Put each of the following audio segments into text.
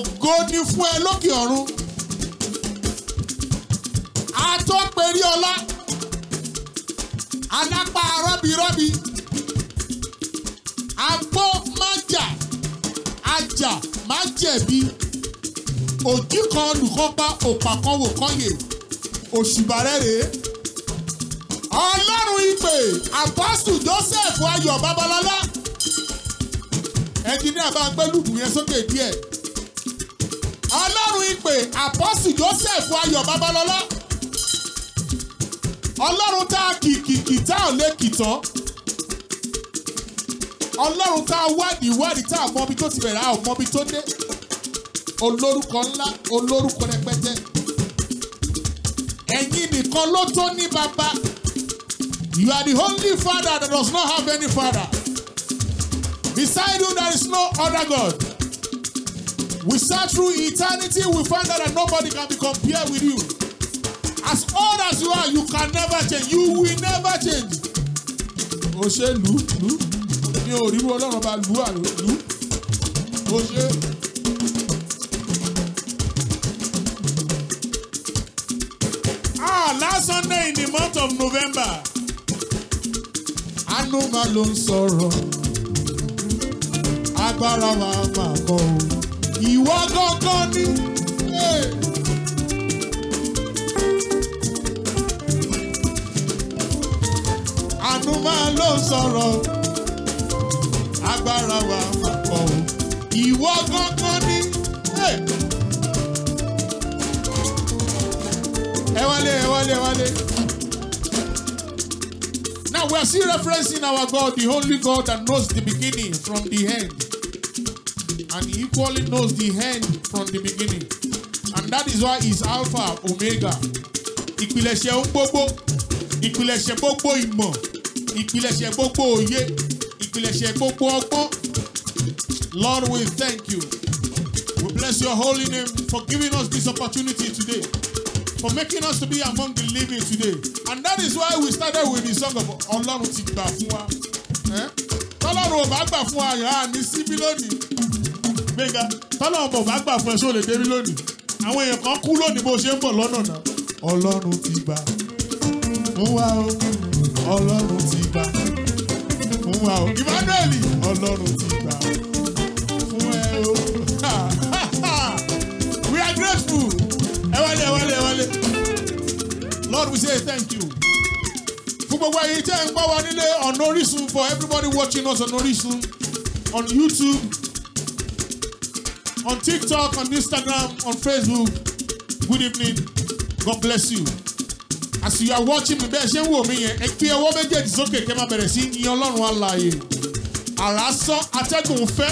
ògo ni fún ẹ lókè ọ̀run atọ́pẹ̀rí ọlá adápa rọ́bìrọ́bì agbó májà ajá májẹ̀bi òjì kan olùkọ́pá òpà kan wò kọ́yè òṣìbàrẹ́ rèé ọlọ́run ìpè apọ́sù Joseph Ayọ̀ Babalọ́lá ẹ̀jìnìá bá ń gbé lùdù yẹn sókè díẹ̀ pè àpọ́sì Joseph Ayọ̀ Babalọ́lá ọlọ́run tá a kìkìkì tá ò lè kìtàn ọlọ́run tá a wádìí wádìí tá a mọ ibi tó ti bẹ̀rẹ̀ a ò mọ ibi tó dé olórúkọ ńlá olórúkọ rẹpẹtẹ ẹ̀yin nìkan ló tó ní bàbá you are the only father that does not have any father beside you there is no other God. We search through eternity, we find out that nobody can be compared with you. As old as you are, you can never change. You will never change. O ṣe lu lu ní òrírú ọlọ́run bá lu àlọ́ lu o ṣe. Ah, last Sunday in the month of November. Anuma ló ń sọ̀rọ̀. Agbára wa máa kọ́ o ìwọ gángan ni. àánú máa ló sọ̀rọ̀ agbára wa máa pọ̀ o ìwọ gángan ni. ẹ wálé ẹ wálé ẹ wálé. Now we are still referencing our God, the only God that knows the beginning from the end and he equally knows the end from the beginning. And that is why He's Alpha Omega. Ìpìlẹ̀ṣẹ̀ ohun gbogbo, ìpìlẹ̀ṣẹ̀ gbogbo ìmọ̀, ìpìlẹ̀ṣẹ̀ gbogbo òye, ìpìlẹ̀ṣẹ̀ gbogbo ọgbọ́n. Lord, we thank you. We bless your holy name for giving us this opportunity today, for making us to be among the living today. And that is why we started with the song of Ọlọ́run ti gbà fún wa. Eh? Tọ́lọ́run ò bá gbà fún wa, yàrá ní síbí lónìí. Gbénga tọ́lọ̀ ọmọ bá gbà fún ẹ sóò lè débi lónìí àwọn èèyàn kan kú lónìí bó ṣe ń bọ̀ lọ́nà náà ọlọ́run ti gbà mú wá o ọlọ́run ti gbà mú wá o Emmanuel ọlọ́run ti gbà fún ẹ o we are grateful ẹ wálé ẹ wálé ẹ wálé Lord we say thank you fún gbogbo ẹ̀yin tẹ́ ń gbọ́ wa nílé on Orisun for everybody watching us on Orisun on YouTube on TikTok, on Instagram, on Facebook. Good evening. God bless you. As you are watching mi bẹ́ẹ̀ ṣe ń wò mí yẹn, ẹ gbé ọwọ́ méjèèjì sókè kẹ́ máa bẹ̀rẹ̀ sí yin Ọlọ́run alààyè. Àrá sán, atẹ́gùn fẹ́,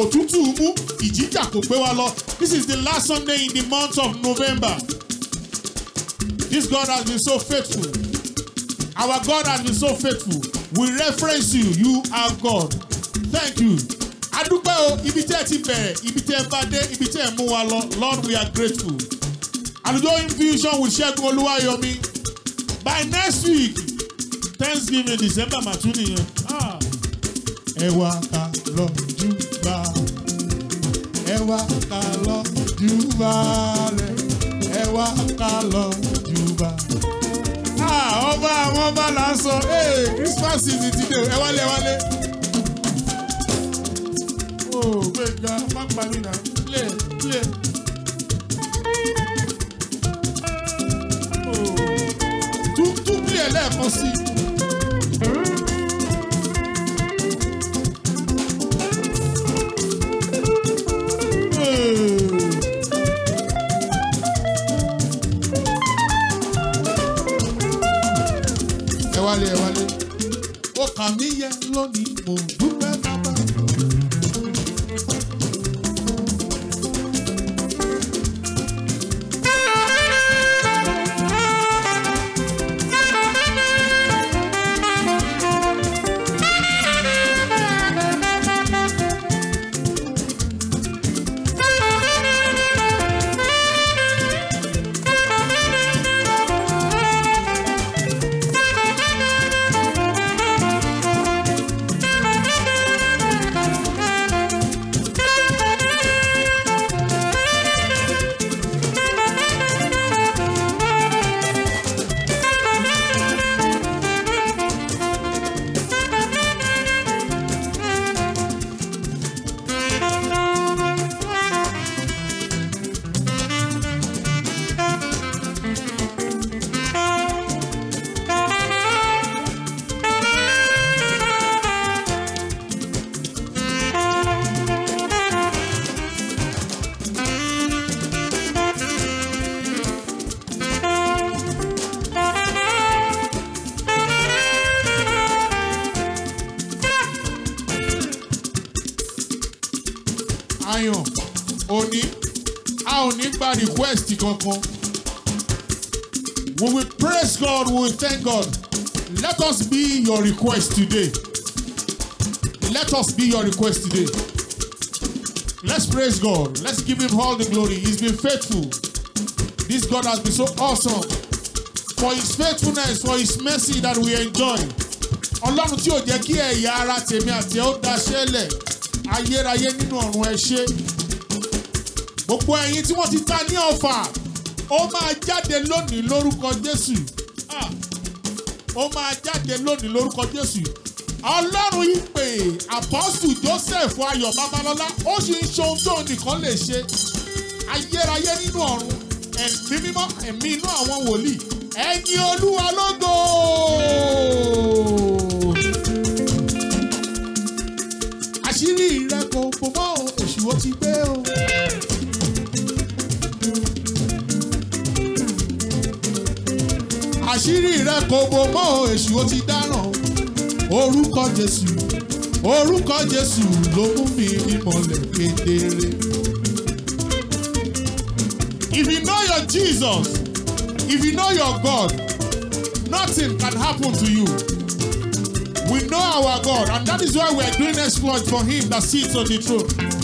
òtútù mú, ìjìjà kò gbé wa lọ. This is the last Sunday in the month of November. This God has been so faithful. Our God has been so faithful. We reference you. You are God. Thank you adúpẹ́ o ibi tẹ́ ẹ ti bẹ̀rẹ̀ ibi tẹ́ ẹ bá dé ibi tẹ́ ẹ mú wa lọ Lord we are grateful AlujoHymn Fusion with Ṣẹ́gun Olúwayọ̀mí by next week Thanksgiving December màtún nìyẹn ah, ẹ wá ká lọ júbà ẹ wá ká lọ júbà rẹ ẹ wá ká lọ júbà. Ah, ọba àwọn ọba là ń sọ Christmas is ti dé ẹ wálé ẹ wálé o gbẹ̀ngà má pa mí nà lẹ̀ lẹ̀. tuntun bí ẹ lẹ́ẹ̀kan sí i. ẹ wálé ẹ wálé ọkàn mi yẹ lónìí mò ń gbọ́. kankan. We will praise God, we will thank God. Let us be your request today. Let us be your request today. Let's praise God. Let's give Him all the glory. He's been faithful. This God has been so awesome. For His faithfulness, for His mercy that we enjoy. Ọlọ́run tí ò jẹ́ kí ẹ̀yà ara tèmi àti ẹ̀ ó daṣẹ́lẹ̀ ayérayé nínú ọ̀run ẹ̀ ṣe gbogbo ẹ̀yin tí wọ́n ti ta ní ọ̀fà ó máa jáde lónìí lórúkọ Jésù ah. ó máa jáde lónìí lórúkọ Jésù ọlọ́run ìpè apọ́sù Joseph Ayọ̀ Babalọ́lá ó sì ń ṣe ohun tó nìkan lè ṣe ayérayé nínú ọ̀run ẹ̀mí mímọ́ ẹ̀mí inú àwọn wòlíì ẹ̀yin olúwa lógo. àṣírí rẹ kò fò mọ́ òṣùwọ̀n ti gbé o. àṣírí rẹ kò bò mọ́ èṣù ó ti dáràn orúkọ Jésù orúkọ Jésù ló mú mi ìmọ̀lẹ̀ kedere. If you know your Jesus, if you know your God, nothing can happen to you. We know our God, and that is why we are doing exploit for Him that sits on the throne.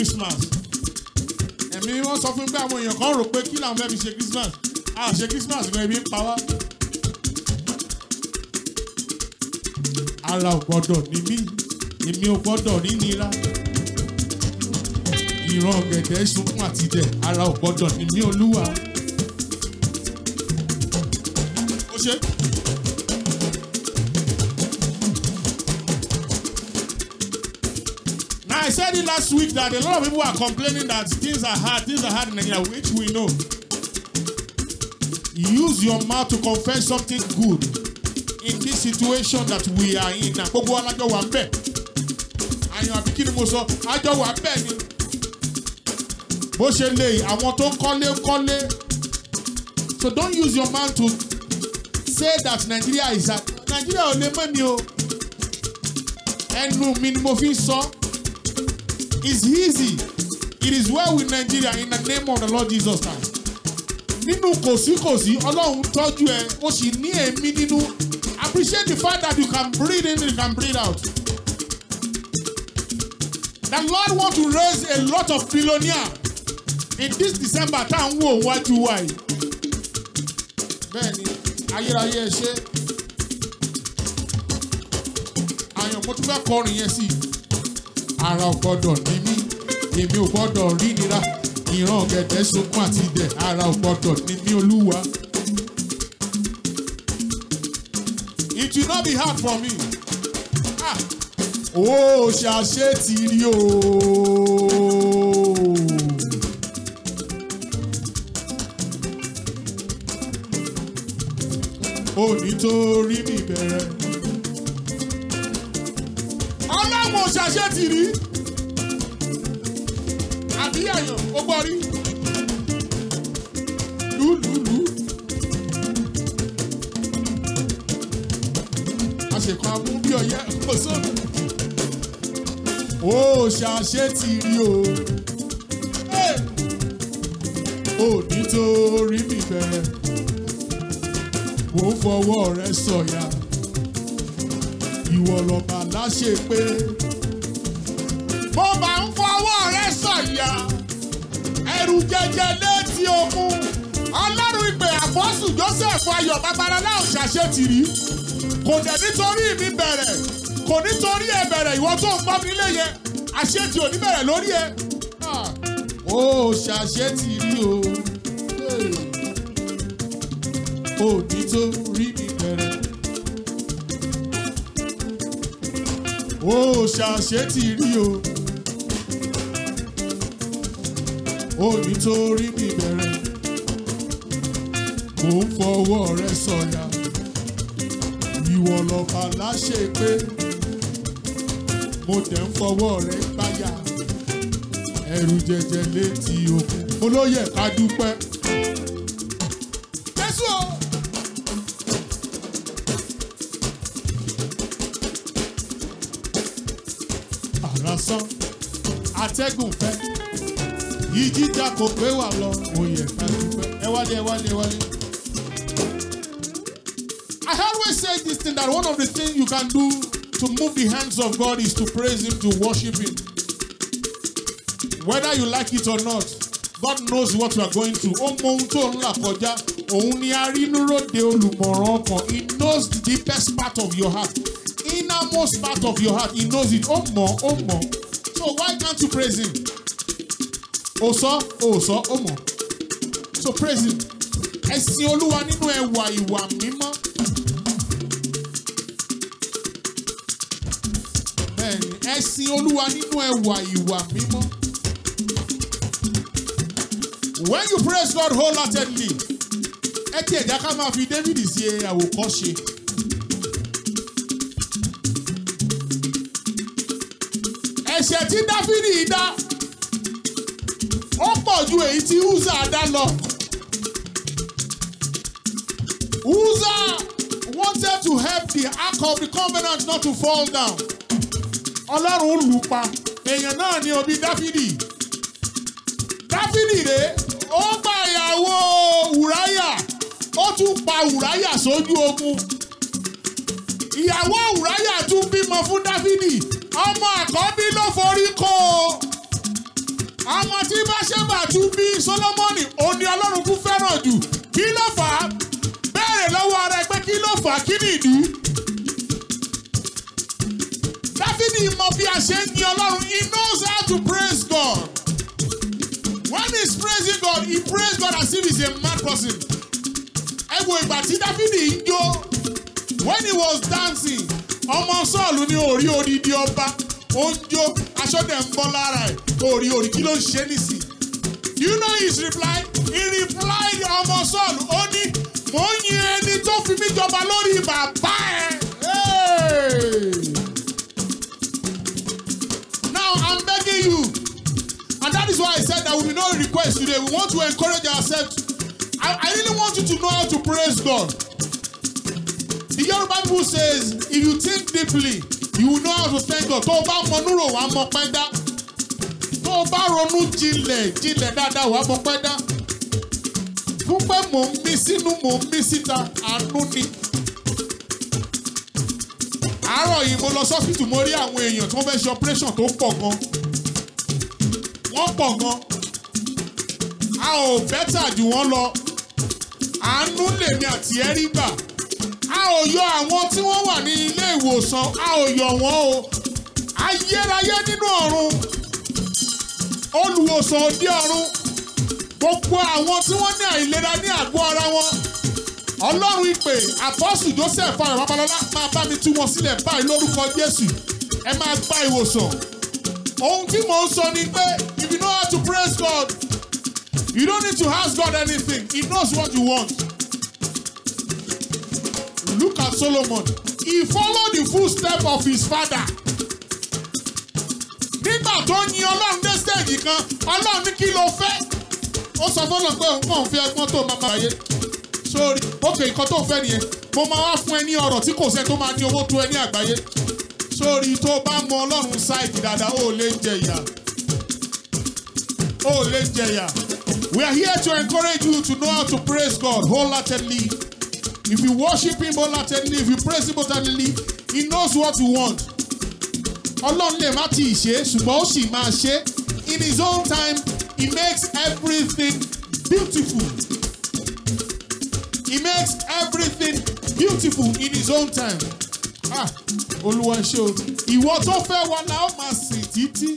Christmas ẹ̀mí wọ́n sọ fún mi pé àwọn èèyàn kan rò pé kí làwọn fẹ́ fi ṣe Christmas a ṣe Christmas gan ebi ń pa wá. ara ò gbọ́dọ̀ ní mí èmi ò gbọ́dọ̀ ní nira ìran ọ̀gẹ̀dẹ̀ sunkún àtijẹ ara ò gbọ́dọ̀ ní mí olúwa. ó ṣe é. I said it last week that a lot of people are complaining that things are hard, things are hard in Nigeria, which we know. Use your mouth to confess something good in this situation that we are in. Na gbogbo alájọ wà bẹ́ẹ̀. Àyàn àbí kí ni mo sọ? Àjọ wà bẹ́ẹ̀ ni. Bó ṣe lè àwọn tó ń kọ́lé kọ́lé. So don't use your mouth to say that Nigeria is a Nigeria ò lè mọ́ mi o. Ẹnu mi ni mo fi sọ. So is easy. It is well with Nigeria in the name of the Lord Jesus Christ. Nínú kòsíkòsí, Ọlọ́run tọ́jú ẹ, ó sì ní ẹ̀mí nínú. Appreciate the fact that you can breathe in, you can breathe out. The Lord want to raise a lot of billionaires in this December tá à ń wò wájú wa yìí. Bẹ́ẹ̀ni, ayérayé ẹ ṣe. Àyànmọ́ tún fẹ́ kọrin yẹn sí i ara ò ní mí èmi ò gbọ́dọ̀ rí nira ìran ọ̀gẹ̀dẹ̀ sunkún àti idẹ̀ ara ò ní mí olúwa. it will not be hard for me. Ah! ó ṣàṣe ti rí o. ó nítorí mi bẹ̀rẹ̀ ọlọ́run òṣàṣẹ́ ti rí àbíyàyàn ó gbọ́ rí lùlùlù. àṣekọ̀ amú bí ọyẹ́ kò sómi. òṣàṣẹ́ ti rí o ò nítorí mi bẹ̀rẹ̀ kò fọwọ́ rẹ sọ̀yà ìwọ lọ ṣèpè. bó bá ń fọwọ́ rẹ sọ̀yà ẹrù jẹjẹ létí okun ọlọ́run ìpè àfọ́sù Joseph Ayọ̀ Babalọlá òṣàṣẹ tìrí kò dẹ̀ nítorí mi bẹ̀rẹ̀ kò nítorí ẹ bẹ̀rẹ̀ ìwọ tó ń gbọ́ mi nílé yẹn àṣetì ò ní bẹ̀rẹ̀ lórí ẹ. ó ṣàṣetì rí o ò ní tó rí mi. ṣàṣetì rí o. ó ní torí mi bẹ̀rẹ̀ mò ń fọwọ́ rẹ sọ̀yà ìwọ lọ́ba láṣẹ pé mo tẹ̀ ń fọwọ́ rẹ gbáyà ẹrù jẹjẹ létí òkun olóyè ká dúpẹ́. sọ atẹ́gùn fẹ́ ìjì ta kò pé wà lọ oyè fẹ́ ẹ wálé ẹ wálé ẹ wálé. I always say this thing that one of the things you can do to move the hands of God is to praise Him, to worship Him. Whether you like it or not, God knows what you are going through. Ó mọ ohun tó ń là kọjá. Òun ni arínúròde olùmọ̀ràn ọkàn. He knows the deepest part of your heart. Innermost part of your heart. He knows it. Ó mọ̀ ó mọ̀ want to praise him. Ò sọ, ò ó mọ̀. So praise him. Ẹ̀sìn Olúwa nínú ẹwà ìwà mímọ́. Bẹ́ẹ̀ni, ẹ̀sìn Olúwa nínú ẹwà ìwà mímọ́. When you praise God wholeheartedly, ẹ ti ẹ̀dá ká máa fi David sí àwòkọ́ṣe. ẹ̀ṣẹ̀ tí Dáfídì dá ó pọ̀ ju èyí tí Uza dá lọ. Uza wanted to help the ark of the covenant not to fall down. Ọlọ́run lù pa èèyàn náà ni òbí Dáfídì. Dáfídì rèé ó pa ìyàwó Ùráyà ó tún pa Ùráyà sójú ogun. Ìyàwó Ùráyà tún bímọ fún Dáfídì ọmọ àkọ́bí ló forí kó o àwọn tí bá ṣe bàtú bí Sólómọ́nì òní Ọlọ́run kú fẹ́ràn jù kí ló fà á béèrè lọ́wọ́ ara ẹ pé kí ló fà á kí nìdí. Dáfídì mọ bí a ṣe ń yin Ọlọ́run he knows how to praise God when he is praising God he praise God as if he is a mad person. Ẹ wo ìgbà tí Dáfídì ń jó when he was dancing ọmọ sọ́ọ̀lù ni orí odidi ọba ó ń jó ń bọ́ lára ẹ̀ orí orí kí ló ń ṣe nísìnyí. do you know his reply? he replied ọmọ sọ́ọ̀lù ó ní mò ń yin ẹni tó fi mí jọba lórí bàbá ẹ̀. now I'm begging you and that is why I said there will be no request today we want to encourage ourselves I, I really want you to know how to praise God. The Yoruba people says, if you think deeply, you will know how to thank God. Tó o bá mọ núrò wàá mọ pẹ́ dá. Tó o bá ronú jinlẹ̀ jinlẹ̀ dáadáa wàá mọ pẹ́ dá. Dúpẹ́ mò ń mí sínú mò ń mí síta, àánú ni. Àárọ̀ yìí mo lọ sọ́sìtì mo rí àwọn èèyàn tí wọ́n fẹ́ ṣe operation tó pọ̀ gan. Wọ́n pọ̀ gan. A ò bẹ́tà jù wọ́n lọ. Àánú lèmi àti ẹ̀rí gbà a ò yọ àwọn tí wọ́n wà ní ilé ìwòsàn a ò yọ wọ́n o ayérayé nínú ọ̀run olùwòsàn òde ọ̀run gbogbo àwọn tí wọ́n ní àìlera ní àgọ́ ara wọn ọlọ́run ìpè àpọ́sù joseph àrùn babalọ́lá máa bá mi tú wọn sílẹ̀ báyìí lórúkọ jésù ẹ máa gba ìwòsàn ohun tí mò ń sọ ni pé if you know how to praise God you don't need to ask God anything he knows what you want look at Solomon he followed the footstep of his father nígbà tó yin ọlọ́run dé stage kan ọlọ́run ní kí ló fẹ́ ó sọ fọlọ́n pé òun kàn fi ẹgbọ́n tó máa máa sórí òkè nǹkan tó fẹ́ nìyẹn mo máa wá fún ẹ ní ọ̀rọ̀ tí kò sẹ́ tó máa ní owó tó ẹ ní àgbáyé sórí tó bá mọ ọlọ́run ṣáìdì dáadáa ó lè jẹ̀yà ó lè jẹ̀yà we are here to encourage you to know how to praise God wholeheartedly If you worship him wholeheartedly, if you praise him wholeheartedly, he knows what you want. Ọlọ́run lè má ti ṣe ṣùgbọ́n ó sì máa ṣe. In his own time, he makes everything beautiful. He makes everything beautiful in his own time. Ah, Olúwa ṣe o, ìwọ tó fẹ́ wa la ó máa sìn títí.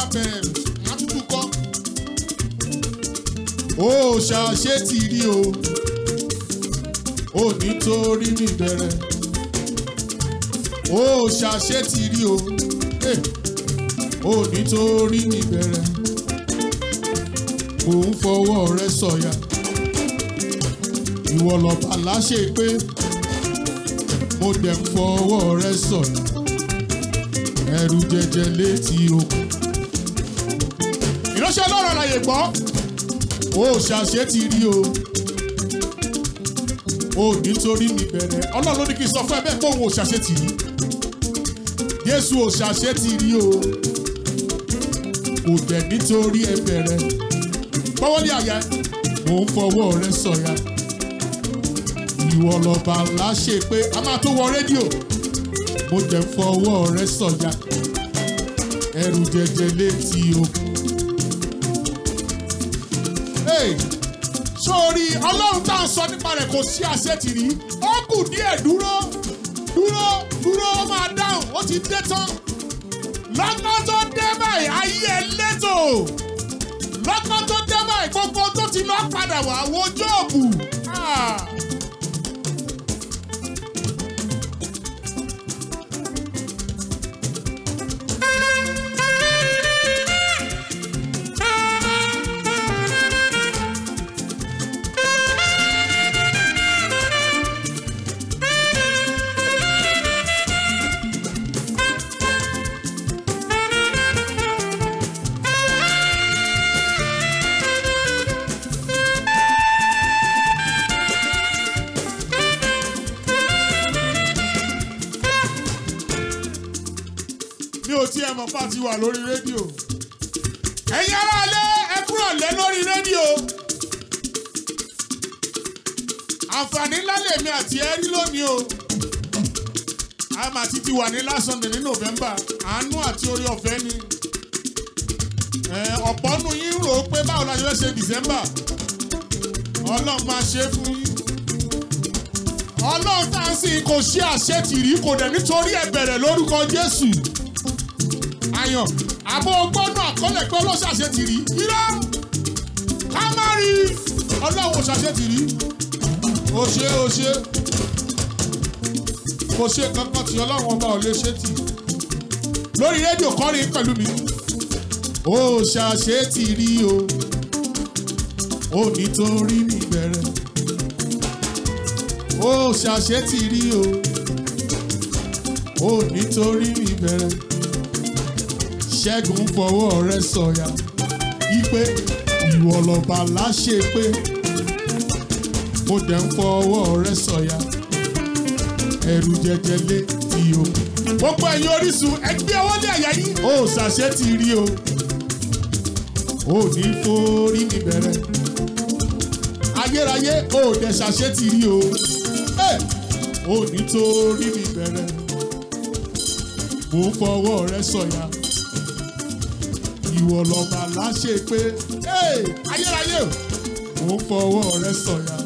abẹ́m àtúntò kọ́. ó ṣàṣe ti rí o ò ní torí mi bẹ̀rẹ̀ ó ṣàṣe ti rí o ò eh, ní torí mi bẹ̀rẹ̀ mò ń fọwọ́ rẹ sọ̀yà ìwọ lọ́ba láṣẹ pé mo dẹ̀ ń fọwọ́ rẹ sọ̀yà ẹrù jẹjẹ létí okùn ráyè gbọ́ ó ṣàṣẹ ti rí o ó nítorí mi bẹ̀rẹ̀ ọlọ́run ló ní kí n sọ fún ẹ bẹ́ẹ̀ pé òun ṣàṣẹ ti rí jésù ò ṣàṣẹ ti rí o kò dẹ̀ nítorí ẹ bẹ̀rẹ̀ gbọ́wọ́ ní àyà mò ń fọwọ́ rẹ sọ̀yà ìwọ lọ́ba ńlá ṣe pé a máa tó wọ rédíò mo jẹ́ fọwọ́ rẹ sọ̀yà ẹrù jẹjẹ létí òkú. Hey! Sórí ọlọ́run tá à ń sọ nípa rẹ̀ kò sí àṣetì rí. Ó kù díẹ̀ dúró dúró dúró ó máa dáhùn ó ti dé tán. Lọ́gbọ́n tó dé báyìí ayé ẹ lẹ́tọ̀ọ́. Lọ́gbọ́n tó dé báyìí gbogbo tó ti lọ padà wá wo Jóòbù. ti wà lórí rédíò ẹ̀yin aráalé ẹ kúrò lé lórí rédíò àǹfààní ńlá lèmi àti ẹ rí lónìí o àmà ti ti wà ní last Sunday ní November àánú àti orí ọ̀fẹ́ ni ọ̀pọ̀ nù yín rò ó pé báwo la ṣe fẹ́ ṣe December ọlọ́run máa ṣe fún yín ọlọ́run tá à ń sìn kò ṣe àṣetìrí kò dẹ̀ nítorí ẹ̀ bẹ̀rẹ̀ lórúkọ Jésù pààyàn àbó gbọ́dọ̀ àkọlẹ̀ pé ọlọ́sàṣẹ ti rí irọ́ ká má rí ọlọ́wọ́ ṣàṣẹ ti rí o ṣe o ṣe kò ṣe kankan tí ọlọ́run ọba ò lè ṣe tì lórí rédíò kọrin pẹ̀lú mi ó ṣàṣe ti rí o ó nítorí mi bẹ̀rẹ̀ ó ṣàṣe ti rí o ó nítorí mi bẹ̀rẹ̀ ṣẹ́gun fọwọ́ rẹ sọ̀yà ipe ìwọ lọ́ba láṣẹ pé mo dẹ̀ ń fọwọ́ rẹ sọ̀yà ẹ̀rù jẹjẹ lé ti o. gbogbo ẹ̀yin Orísun ẹgbẹ́ ọwọ́ ní àyà yín ó ṣàṣẹ ti rí o ò ní forí mi bẹ̀rẹ̀ ayérayé ó dẹ̀ ṣàṣẹ ti rí o ò ní torí mi bẹ̀rẹ̀ mo ń fọwọ́ rẹ sọ̀yà ìwọ lọ́ba láṣẹ pé ayérayé ò ń fọwọ́ rẹ sọ̀yà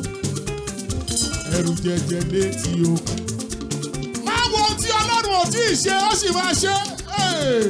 ẹrù jẹjẹ létí o. máa wo tí ọlọ́run ò tí ì ṣe ó sì máa ṣe. Hey!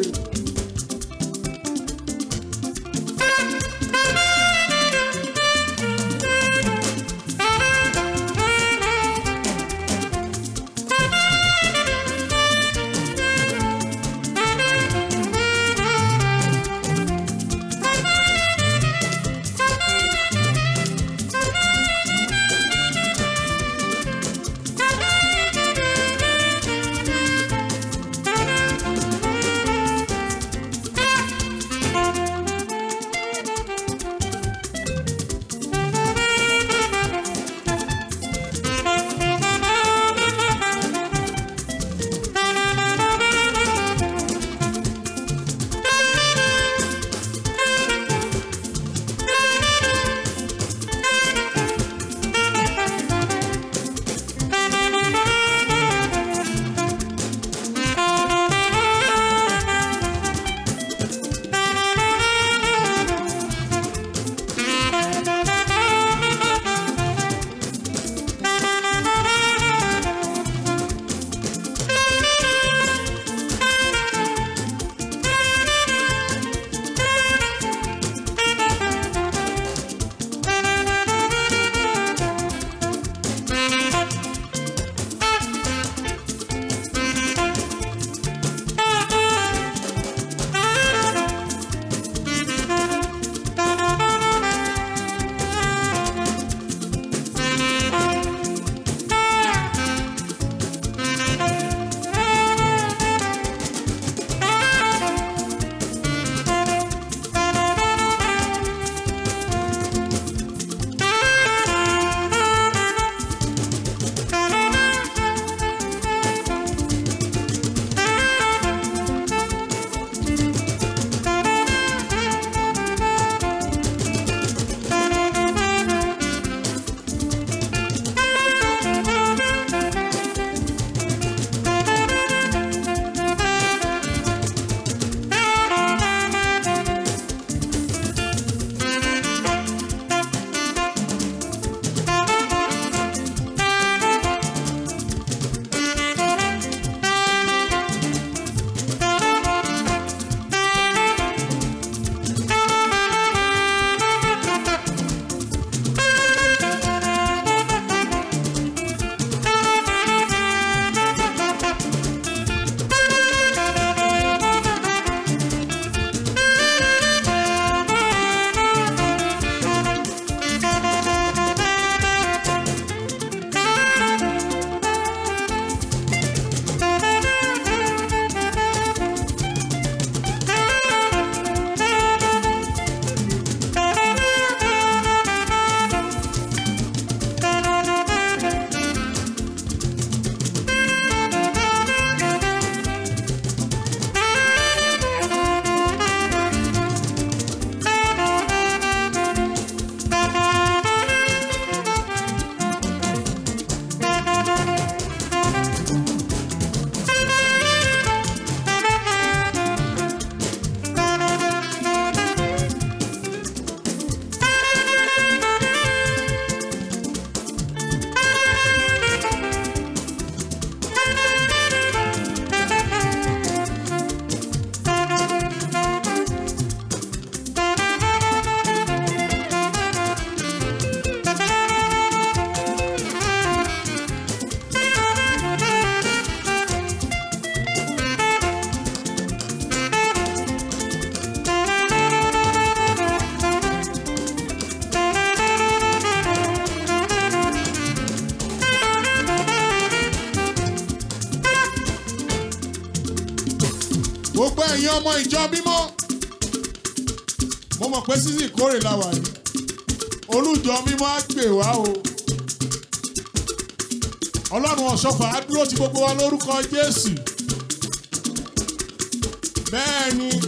ọmọ ìjọ mímọ́ mo mọ̀ pé sísì kórè la wà yìí olùjọ mímọ́ á gbè wá o ọlọ́run ọ̀ṣọ́fà á dúró ti gbogbo wa lórúkọ jésù bẹ́ẹ̀ ni mo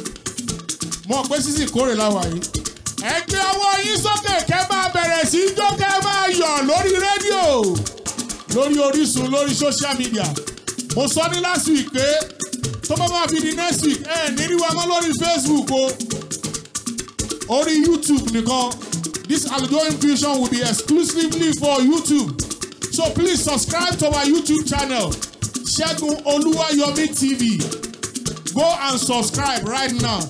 mọ̀ pé sísì kórè la wà yìí ẹ gbé ọwọ́ yín sókè kẹ́ máa bẹ̀rẹ̀ sí í jó kẹ́ máa yọ̀ lórí rédíò lórí Orísun lórí social media mo sọ ní last week pé tó bá fi di next week ẹ nírí wa mọ́ lórí Facebook o orí YouTube nìkan this Aldo Infusion will be exclusively for YouTube so please subscribe to our YouTube channel Ṣẹ́gun Olúwayọ̀mí TV go and subscribe right now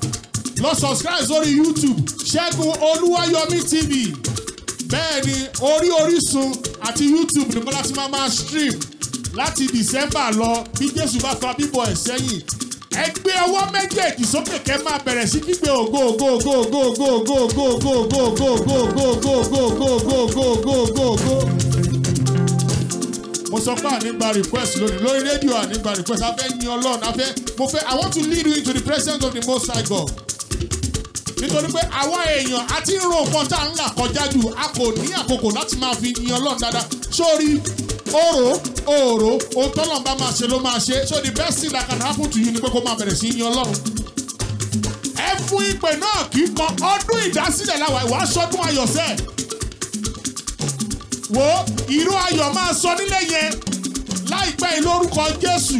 lọ subscribe sórí YouTube Ṣẹ́gun Olúwayọ̀mí TV bẹ́ẹ̀ ni orí Orísun àti YouTube nìkan láti máa máa stream láti December lọ bí Jésù bá fa bíbọ̀ ẹ̀ sẹ́yìn ẹ gbé ọwọ́ méjèèjì sókè kẹ́ máa bẹ̀rẹ̀ sí gbígbé ògo ògo ògo ògo ògo ògo ògo ògo ògo ògo ògo ògo ògo ògo ògo ògo ògo ògo ògo. mo sọ pé ànígbà request lónìí lórí rédíò ànígbà request a fẹ́ yin ọlọ́run a fẹ́ mo fẹ́ I want to lead you into the presence of the most high God. nítorí pé àwa èèyàn a ti ń ro nǹkan tá à ń là kọjá jù a kò ní àkókò láti máa fi yin ọlọ́run dáadáa sórí. Oro, oro, ohun tọ́lọ̀ bá máa ṣe ló máa ṣe so the best thing that can happen to you ni pé kó máa bẹ̀rẹ̀ sí yìn ọlọ́run. ẹ fún ìpè náà kì í kan ọdún ìdásílẹ̀ làwọn ìwà sọdún ayọ̀ sẹ́ẹ̀. wo ìró ayọ̀ máa sọ nílé yẹn láìpẹ́ ìlórúkọ Jésù.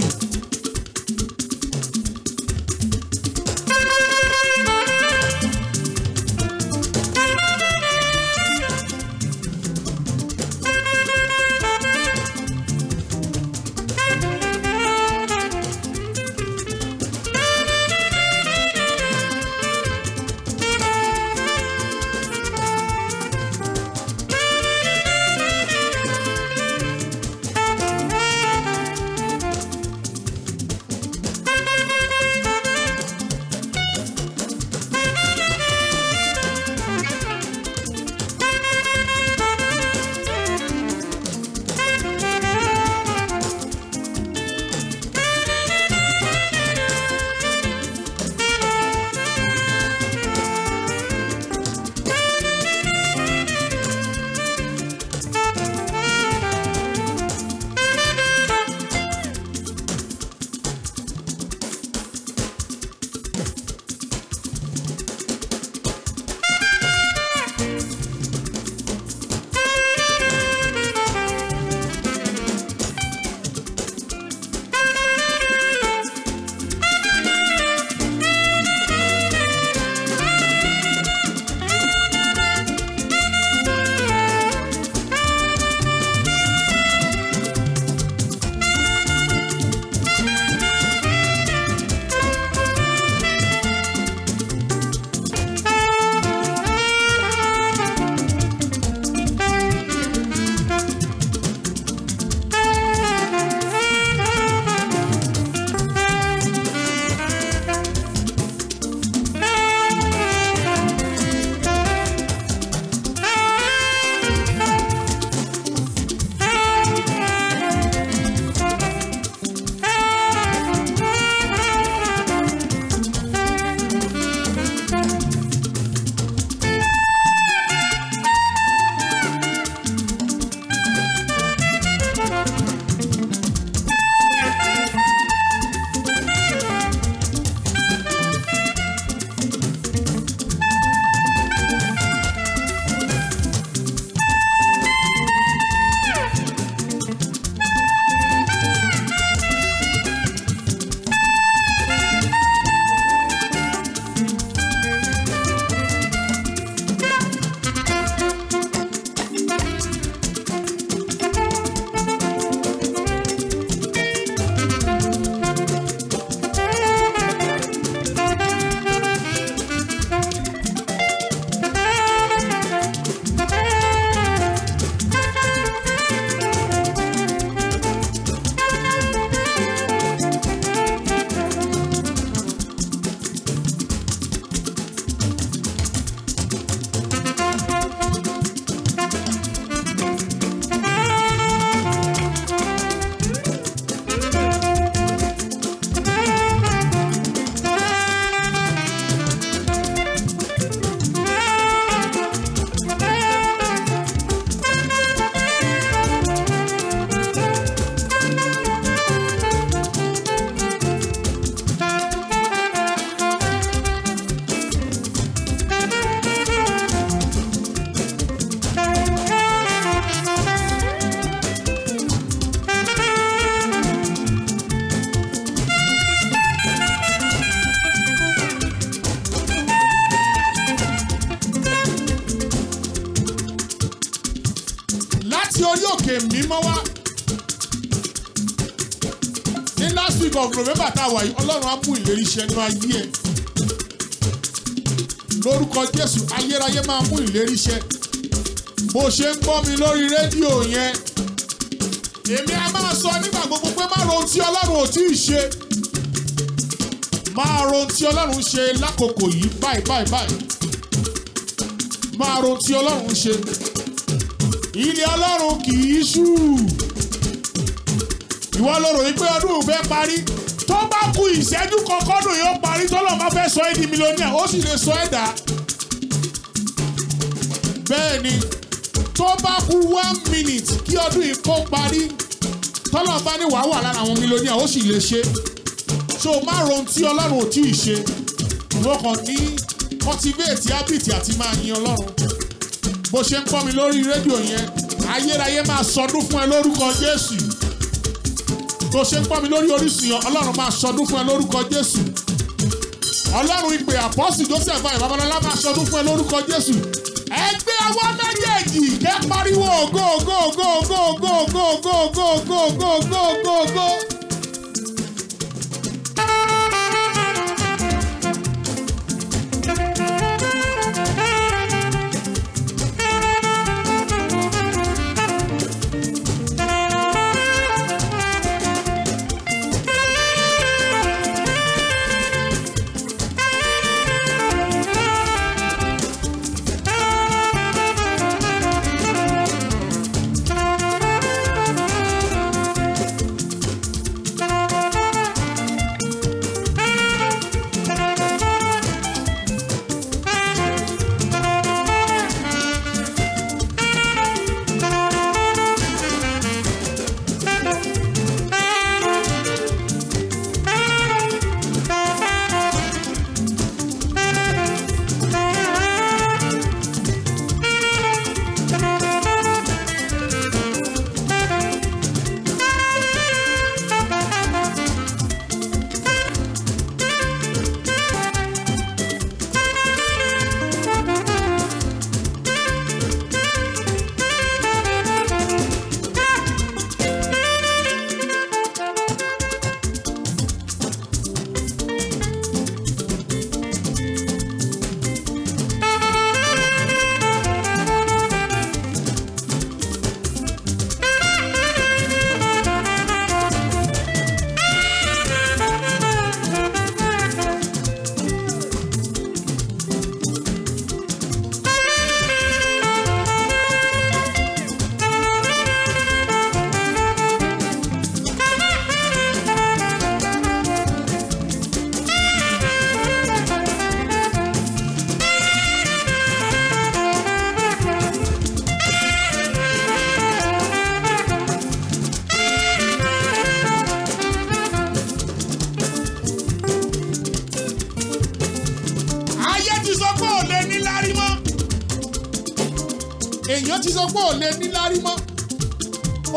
wà yìí ọlọ́run á mú ìlérí ṣẹ nínú ayé ẹ̀ lórúkọ jésù ayérayé máa mú ìlérí ṣẹ bó ṣe ń gbọ́ mi lórí rédíò yẹn èmi a máa sọ nígbà gbogbo pé má ro tí ọlọ́run ò tí ì ṣe máa ro tí ọlọ́run ṣe lákòókò yìí báyìí báyìí báyìí máa ro tí ọlọ́run ṣe ilé ọlọ́run kì í ṣú ìwọ ló rò wípé ọdún ò fẹ́ parí tó bá ku ìṣẹ́jú kọ̀ọ̀kan nù yóò parí tọ́lọ̀ bá fẹ́ sọ ẹ́ di mílíọ̀nìyà ó sì lè sọ ẹ́ dà. bẹ́ẹ̀ ni tó bá ku one minute kí ọdún yìí kó parí tọ́lọ̀ bá ní wàá wà lára àwọn mílíọ̀nìyà ó sì lè ṣe. so má ron tí ọlọ́run ò tí ì ṣe wọ́n kàn ní cultivate habit àti máa yin ọlọ́run bó ṣe ń pọ́n mi lórí rédíò yẹn ayérayé máa sọdún fún ẹ lórúkọ Jésù tó ṣe ń pọ́n mi lórí Orísun yẹn ọlọ́run máa ṣọdún fún ẹ lórúkọ Jésù ọlọ́run ìpè àpọ́sì Joseph ayọ̀ babalọ́lá máa ṣọdún fún ẹ lórúkọ Jésù ẹgbẹ́ ọwọ́ méjèèjì kẹ́ pariwo go go go go go go go go go go go go go. èèyàn ti sọ pé ò lè ní lárí mọ́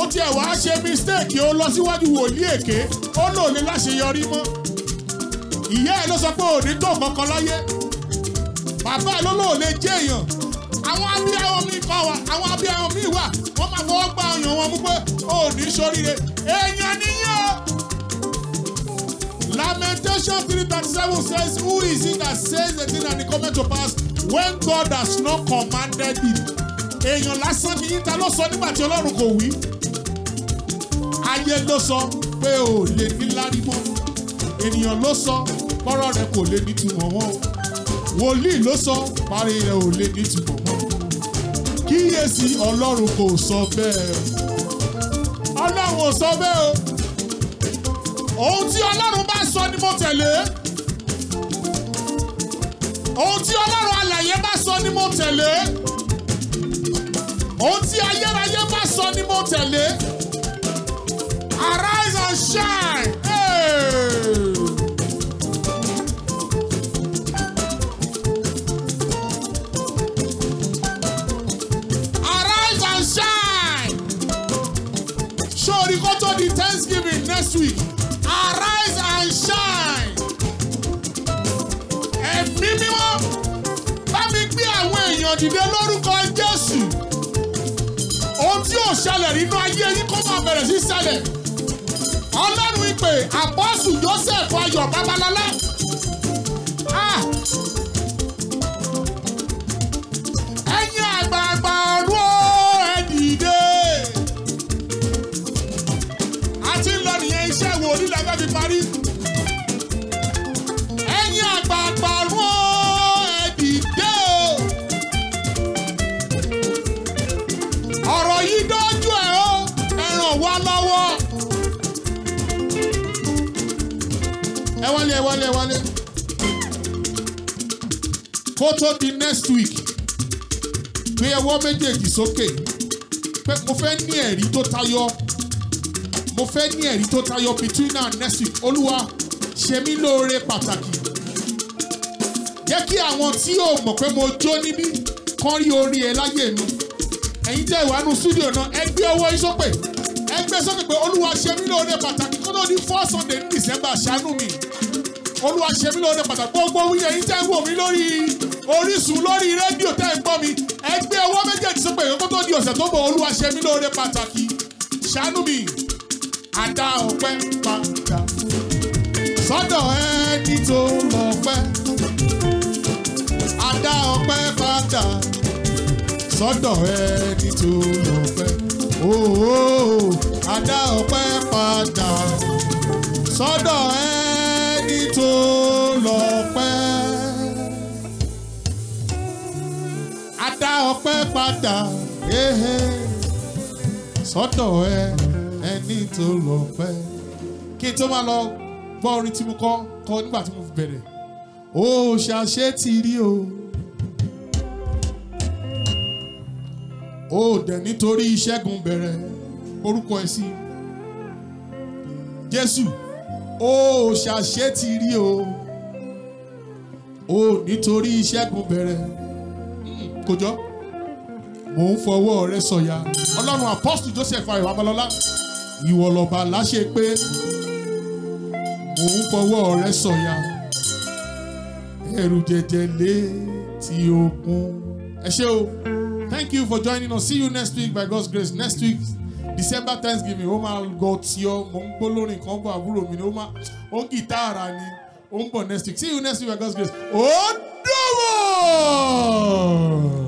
ó tiẹ̀ wá ṣe mistake ó lọ síwájú wòlíì èké ó lò ní láṣeyọrí mọ́ ìyá ẹ̀ ló sọ pé òní tó kankan láyé bàbá ló lò lè jẹ́ èèyàn àwọn abíyáwó mi kọ́ wa àwọn abíyáwó mi wà wọ́n máa fọwọ́ gba ọyàn wọn mú pé òní ṣoríire èèyàn nìyẹn o. Lamentation 337 says, Who is it that says the thing and it comes to pass when God has not commanded it? èèyàn lásán ni yín ta ló sọ nígbà tí ọlọ́run kò wí ayé ló sọ pé ò lè ní lárí mọ́ ènìyàn ló sọ bọ́rọ̀ rẹ kò lè ní tìmọ̀ wọn o wòlíì ló sọ parí rẹ ò lè ní tìmọ̀ wọn kíyèsí ọlọ́run kò sọ bẹ́ẹ̀ ọlọ́run ò sọ bẹ́ẹ̀ o ohun tí ọlọ́run bá sọ ni mo tẹ̀lé ohun tí ọlọ́run alàyè bá sọ ni mo tẹ̀lé ohun tí ayérayé bá sọ ni mo tẹ̀lé arise and shine. Hey! arise and shine. sórí kó tó di thanksgiving next week arise and shine. ẹ̀mí mímọ́ bá mi gbé àwọn èèyàn dìde lọ. yóò ṣẹlẹ̀ nínú ayé yín kó máa bẹ̀rẹ̀ sí ṣẹlẹ̀ ọlọ́run ìpè àpọ́sù Joseph Ayọ̀ Babalọ́lá kó tó di next week gbé ọwọ́ méjèèjì sókè pé mo fẹ́ ní ẹ̀rí tó tayọ mo fẹ́ ní ẹ̀rí tó tayọ between now and next week olúwa ṣe mí lóore pàtàkì jẹ́ kí àwọn tí ò mọ̀ pé mo jó níbí kán rí orí ẹ láyé mi ẹ̀yin tẹ́ ìwà nù súdíò náà ẹ gbé ọwọ́ yín sókè ẹ gbé e sókè pé olúwa ṣe mí lóore pàtàkì kó tó di four sunday ní december ṣàánú mi olúwa ṣe mí lóore pàtàkì gbogbo wíyẹn ẹ̀yin tẹ́ ń wò lórí. Orísun lórí rédíò tẹ́ ń gbọ́ mi ẹgbẹ́ ọwọ́ méjèèjì sí pé èyí kó tó di ọ̀sẹ̀ tó bọ̀ Olúwa ṣe mí lóore pàtàkì ṣàánú mi àdá ọpẹ́ padà sọ́dọ̀ ẹni tó lọ pẹ́ àdá ọpẹ́ padà sọ́dọ̀ ẹni tó lọ pẹ́ òwò àdá ọpẹ́ padà sọ́dọ̀ ẹni tó lọ pẹ́. ọpẹ́ padà ehe sọ́dọ̀ ẹ ẹni tó lọ pẹ́. kí n tó máa lọ gbọ́ orin tí mo kọ́ kọ nígbà tí mo fi bẹ̀rẹ̀ ó ṣàṣẹ ti rí o. ó dẹ̀ nítorí ìṣẹ́gun bẹ̀rẹ̀ orúkọ ẹ sí Jésù ó ṣàṣẹ ti rí o. ó nítorí ìṣẹ́gun bẹ̀rẹ̀ hmm, kò jọ́ mò ń fọwọ́ rẹ sọ̀yà ọlọ́run apọ́sítù Joseph ayọ̀ babalọ́lá ìwọ lọ́ba láṣẹ pé mò ń fọwọ́ rẹ sọ̀yà ẹrù jẹjẹ létí òkun ẹ ṣé o thank you for joining us see you next week by God's grace next week December Thanksgiving Oma máa gọ ń gbólórin kan bọ àbúrò mi ni ó máa ó gìtá ara ni ó ń bọ̀ next week see you next week by God's grace ó dọ̀wọ̀.